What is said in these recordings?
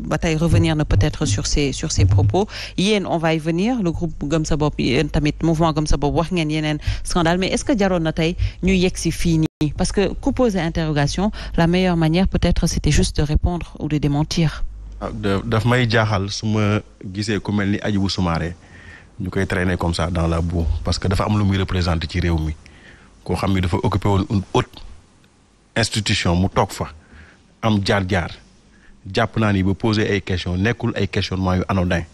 ba tey revenir na peut-être sur ces sur ces propos yéen on va y venir le groupe Gëm sa bopp yéen tamit mouvement Gëm sa bopp wax ngeen yeneen scandale mais est-ce que jaroon na tey ñu yegg si fii nii parce que ku poser interrogation la meilleure manière peut-être c'était juste de répondre ou de démentir. Ah, daf may jaaxal su ma gisee ku mel ni Hadjibou Soumaré ñu koy traîner comme ça dans la boue parce que dafa am lu muy représenter ci réew mi koo xam ni dafa occupé woon une haute mu toog fa am jaar jàpp naa ni ba poser ay question nekkul ay questionnement yu anodin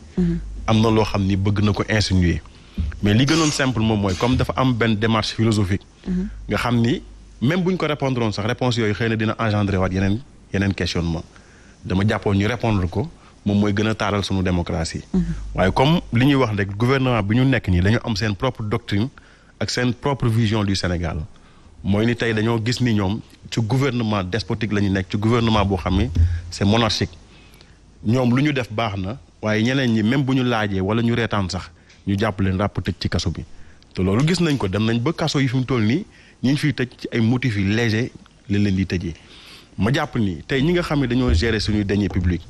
am na loo xam ni bëgg na ko insinuer mais li gënoon simple moom mooy comme dafa am benn démarche philosophique nga xam ni même bu ñu ko répondre sax réponse yooyu xëy na dina engendrer waat yeneen yeneen questionnement dama jàppoon ñu répondre ko moom mooy gën a taaral sunu démocratie waaye comme li ñuy wax rek guvernement bi ñu nekk nii dañu am seen propre doctrine ak seen propre vision du Sénégal mooy ni tey dañoo gis ni ñoom ci gouvernement despotique la ñu nekk ci gouvernement boo xam ni c'est monarchique ñoom lu ñu def baax na waaye ñeneen ñi même bu ñu laajee wala ñu reetaan sax ñu jàpp leen ràpp tëj ci kaso bi te loolu gis nañ ko dem nañ ba kaso yi fi mu toll nii ñi ñu fiy tëj ci ay motifie yi léger leen di tëjee ma jàpp ni tey ñi nga xam ne dañoo gérer suñuy deniers publique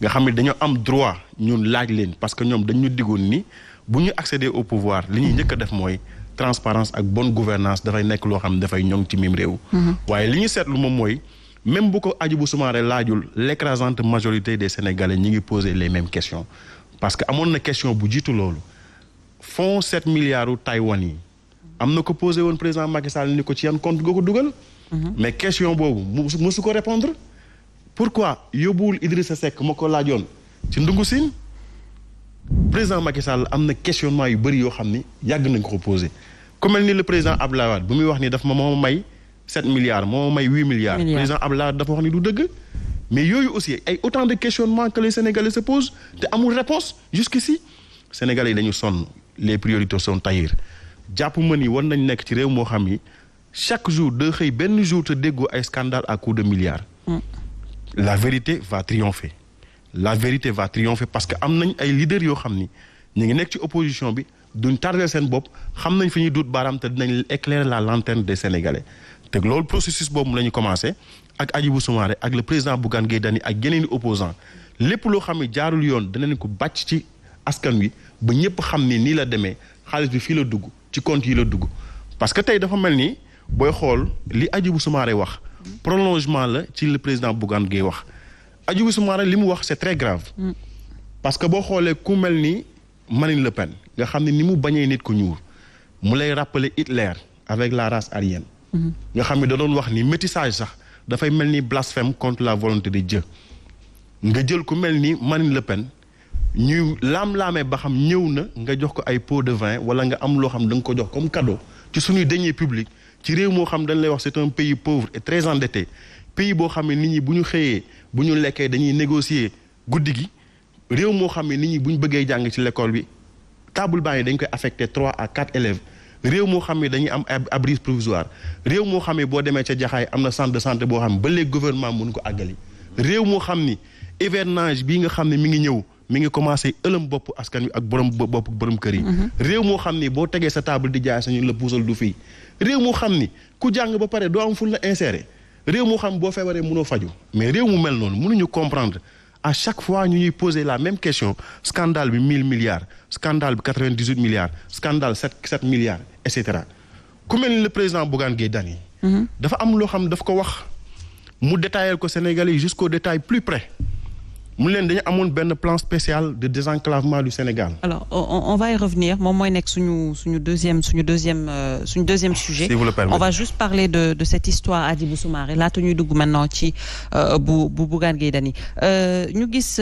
nga xam ne dañoo am droit ñun laaj leen parce que ñoom dañu ñu digoon ni bu ñu accéder au pouvoir li ñuy njëkk a def mooy transparence ak bonne gouvernance dafay nekk loo xam ne dafay ñoŋ ci mim réew. waaye li ñu seetlu moom mooy même bu ko Hadjibou Soumaré laajul l'écrasante majorité des Sénégalais ñi ngi poser les mêmes questions parce que amoon na question bu jiitu loolu fonds sept milliards u Taïwan yi am na ko posé woon président Macky Sall ni ko ci yan compte nga ko dugal. mais question boobu musu ko répondre pourquoi yóbbuwul sa Seck ma ko laajoon ci ndungu siin président Macky Sall am na questionnement yu bëri yoo xam ni yàgg nañ ko ko ku mel ni le président Abdoulaye Wade muy wax ni daf ma moo may 7 milliards moo may 8 milliards. président Abdoulaye Wade dafa wax ni du dëgg. mais yooyu aussi ay autant de questionnements que les Sénégalais se posent te amul réponse jusqu'ici Sénégalais yi dañu sonn les priorités sont ailleurs jàpp ma ni war nañu nekk ci réew moo xam ni chaque jour de xëy benn jour te déggoo ay scandale à coup de milliards. Mm. la vérité va triompher. la vérité va triompher parce que am nañ ay leaders yoo xam ni ñu ngi nekk ci opposition bi. duñ tardé seen bopp xam nañ fi ñuy duut baaraam te dinañ éclairer la lanterne de sénégalais te loolu processus boobu lañu ñu commencé ak Hadjibou Soumaré ak le président Bougane Gueye Dany ak yeneen i opposants lépp loo xam ne jaarul yoon danañ ko bàcc ci askan wi ba ñëpp xam ni nii la demee xaalis bi fii la dugg ci compte yi la dugg parce que tey dafa mel ni booy xool li Hadjibou Soumaré wax prolongement la ci le président Bougane Gueye wax Hadjibou Soumaré li mu wax c'est très grave mm. Marine Le Pen nga xam ne ni mu bañee nit ko ñuul mu lay rappeler Hitler avec la race aryenne. Mm-hmm. nga xam ne da doon wax ni métissage sax dafay mel ni blasphème contre la volonté de Dieu. nga jël ku mel ni Marine Le Pen ñuy laam-laamee ba xam ñëw na nga jox ko ay pot de vin wala nga am loo xam da nga ko jox comme cadeau ci suñuy deniers publics ci réew moo xam dañ lay wax c'est un pays pauvre et très endetté pays boo xam ne nit ñi bu ñu xëyee bu ñu lekkee dañuy négocier guddi gi. réew moo xam ne nit ñi bu ñu bëggee jàng ci l'école bi table banc yi dañ koy affecté trois à quatre élèves réew moo xam ne dañuy am abris provisoire réew moo xam ne boo demee ca jaxaay am na centre de santé boo xam ne ba léegi gouvernement mun ko àggali réew moo xam ni hivernage bi nga xam ne mi ngi ñëw mi ngi commencé ëlëm bopp askan wi ak borom bopp borom kër yi. Mm-hmm. réew moo xam ni boo tegee sa table di jaay sañu la puusal du fii réew moo xam ni ku jàng ba pare doo am ful la insérer réew moo xam boo feebaree mënoo faju mais réew mu mel noonu mënuñu comprendre. à chaque fois ñu ñuy poser la même question scandale bi mill milliards scandale bi 98 milliards scandale 7 7 milliards et cetera ku mel ni le président Bougane Gueye Dany mhm. dafa am loo xam daf ko wax mu détaillé ko Sénégalais yi jusqu'au détail plus près mu leen dañu amoon benn plan spécial de désenclavement du Sénégal. alors on, on va y revenir moom mooy nekk suñu suñu deuxième suñu deuxième euh, suñu deuxième ah, sujet. si vous le permettez on va juste parler de de cette histoire Hadjibou Soumaré laata ñuy dugg maintenant ci euh, bu bu Bougane Gueye Dany euh, ñu gis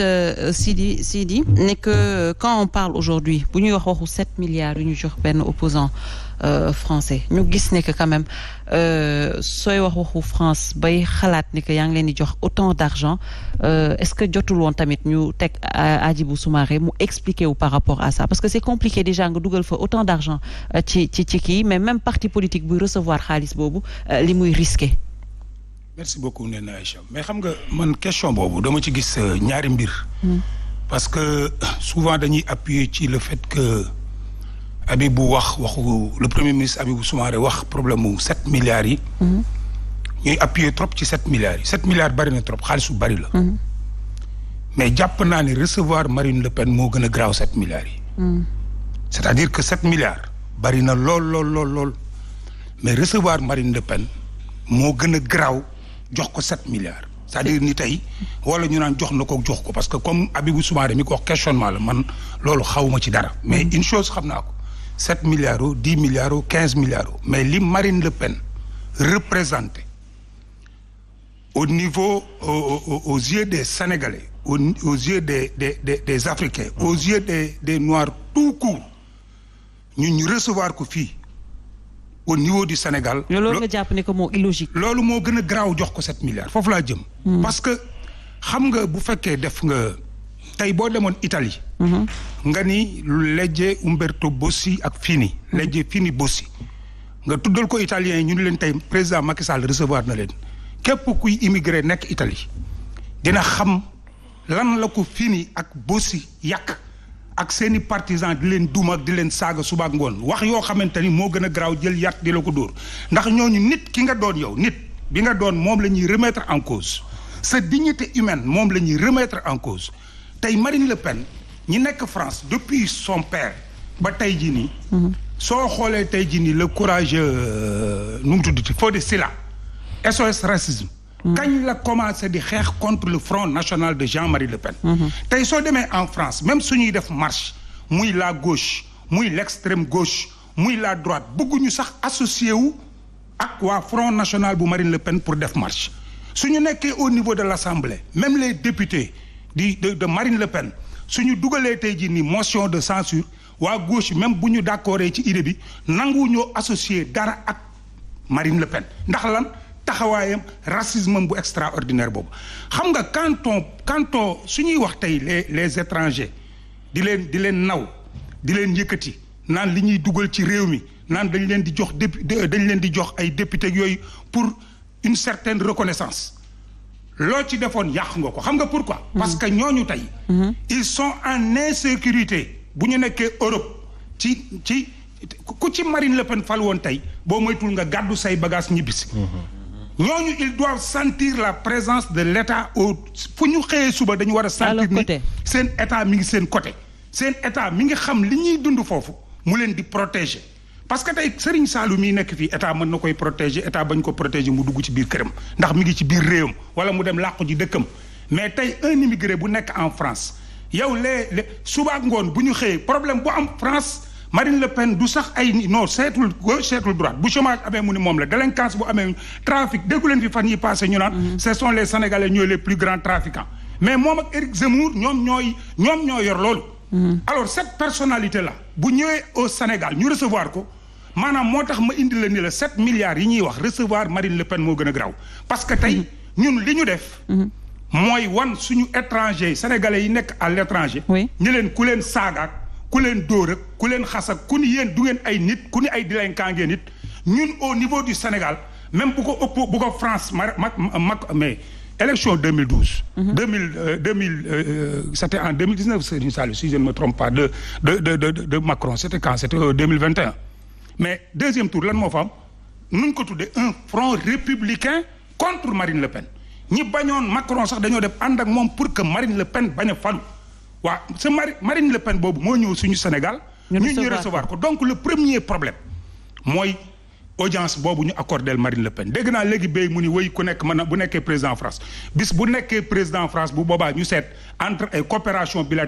Sidi Sidi ne que quand on parle aujourd'hui bu ñuy wax waxu sept milliards yu ñu jox benn opposant Euh, français ñu gis ne que quand même euh, sooy wax waxu France bay xalaat ni que yaa ngi leen di jox autant d' argent euh, est-ce que jotul woon tamit ñu teg Hadjibou Soumaré mu expliquer wu par rapport à ça parce que c' est compliqué déjà nga dugal fa autant d' argent ci ci kii mais même parti politique buy recevoir xaalis boobu li muy risqué. merci beaucoup Néné mais xam nga man question boobu dama ci gis ñaari mbir. Hmm. parce que souvent dañuy appuyer ci le fait que. Abibou wax waxu le premier ministre Abibou Soumaré wax problème mu sept milliards yi. ñuy appuyer trop ci sept milliards yi sept milliards bari na trop xaalis bu bari la. Mm-hmm. mais jàpp naa ni recevoir Marine Le Pen moo gën a graaw sept milliards yi. Mm-hmm. à dire que sept milliards bari na lool lool lool lool mais recevoir Marine Le Pen moo gën a graaw jox ko sept milliards. c'est-à-dire ni tey wala ñu naan jox na ko jox ko parce que comme Abibou Soumaré mi ko wax questionnement la man loolu xawuma ci dara mais mm-hmm. une chose xam naa ko. sept milliards ou dix milliards ou milliards mais li Marine Le Pen représenté au niveau au, au, des Sénégalais au aux des des des, des Africains au mm-hmm. yeux des des Noirs tout court ñun ñu recevoir ko fii au niveau du Sénégal. loolu nga jàpp ne que moo illogique. loolu moo gën a garaaw jox ko sept milliards foofu laa jëm. Mm. parce que xam nga bu fekkee def nga. tey boo demoon Italie. Mhm. nga ni legge Umberto Bossi ak Fini. Mhm. legge Fini Bossi. nga tuddal ko italien yi ñu ni leen tey président Macky Sall recevoir na leen képp kuy immigré nekk Italie dina xam lan la ko Fini ak Bossi yàq ak seeni i partisan di leen duuma di leen saaga subaak ak ngoon wax yoo xamante ni moo gën a garaaw jël yat di la ko dóor ndax ñooñu nit ki nga doon yow nit bi nga doon moom la ñuy remettre en cause sa dignité humaine moom la ñuy remettre en cause tey Marine Le Pen ñi nekk France depuis son père ba tey jii nii. Mhm. soo xoolee tey jii nii le courageux euh, nu mu tuddati Fodé Sila SOS racisme. Mhm. kañ la commencé di xeex contre le Front national de Jean-Marie Le Pen. Mhm. tey soo demee en France même suñuy def marche muy la gauche muy l'extrême gauche muy la droite bëgguñu sax associé wu ak waa Front national bu Marine Le Pen pour def marche ñu nekkee au niveau de l'Assemblée même les député di de Marine Le Pen suñu dugalee tey jii ni motion de censure waa gauche même bu ñu d'accordee ci idée bi nangu ñoo associé dara ak Marine Le Pen ndax lan taxawaayam racisme bu extraordinaire boobu xam nga quand on suñuy wax tey les les étrangers di leen di leen naw di leen yëkkati naan li ñuy dugal ci réew mi naan dañ leen di jox dép dañ leen di jox ay député yooyu pour une certaine reconnaissance loo ci defoon yàq nga ko xam nga pourquoi. Mm-hmm. parce que ñooñu tey. Mm-hmm. ils sont en insécurité bu ñu nekkee Europe ci ci ku ci Marine Le Pen fal woon tey boo moytul nga gàddu say bagage ñibbisi. Mm-hmm. ñooñu ils doivent sentir la présence de l' état au fu ñu xëyee suba dañu war a. sentir ni seen état mi ngi seen côté. seen état mi ngi xam li ñuy dund foofu mu leen di protéger. parce que tey Serigne saalu miy nekk fii état mën na koy protéger état bañ ko protéger mu dugg ci biir këram ndax mu ngi ci biir réewam wala mu dem làqu ji dëkkam mais tey un immigré bu nekk en France yow lee le suba ak ngoon bu ñu xëyee problème bu am France Marine Le Pen du sax ay non seetul gauche seetul droite bu chômage amee mu ni moom la délinquance bu amee trafic déggu leen fi fan yi passé ñu naan mhm. ce sont les Sénégalais ñooy les plus grands trafiquants mais moom ak Éric Zemmour ñooy ñoom ñoo yor loolu mhm. alors cette personnalité là bu ñëwee au Sénégal ñu recevoir ko maanaam moo tax ma indi la ni la sept milliards yi ñuy wax recevoir Marine Le Pen moo gën a graw parce que tey ñun li ñu def mooy wan suñu étranger sénégalais yi nekk à l'étranger ñu leen ku leen saagaak ku leen dóor ak ku leen xas ak ku ni yéen du ngeen ay nit ku ni ay délinquant ngeen nit ñun au niveau du Sénégal même bu ko ëpp bu ko France ma mak mais élection 2012. 2000 2000 c'était en 2019 Serigne Sall si je ne me trompe pas de de de de Macron c'était quand c'était euh, mais deuxième tour lan moo fa am nu ko tuddee un front républicain contre Marine Le Pen ñi bañoon Macron sax dañoo def ànd ak moom pour que Marine Le Pen bañ a falu waa sa Mari Marine Le Pen boobu moo ñëw suñu Sénégal. ñu ñu recevoir ko donc le premier problème mooy audience boobu ñu accordé Marine Le Pen dégg naa léegi béy mu ni wéy ku nekk mën bu nekkee président France bis bu nekkee président France bu boobaa ñu seet entre ay coopération bilatérale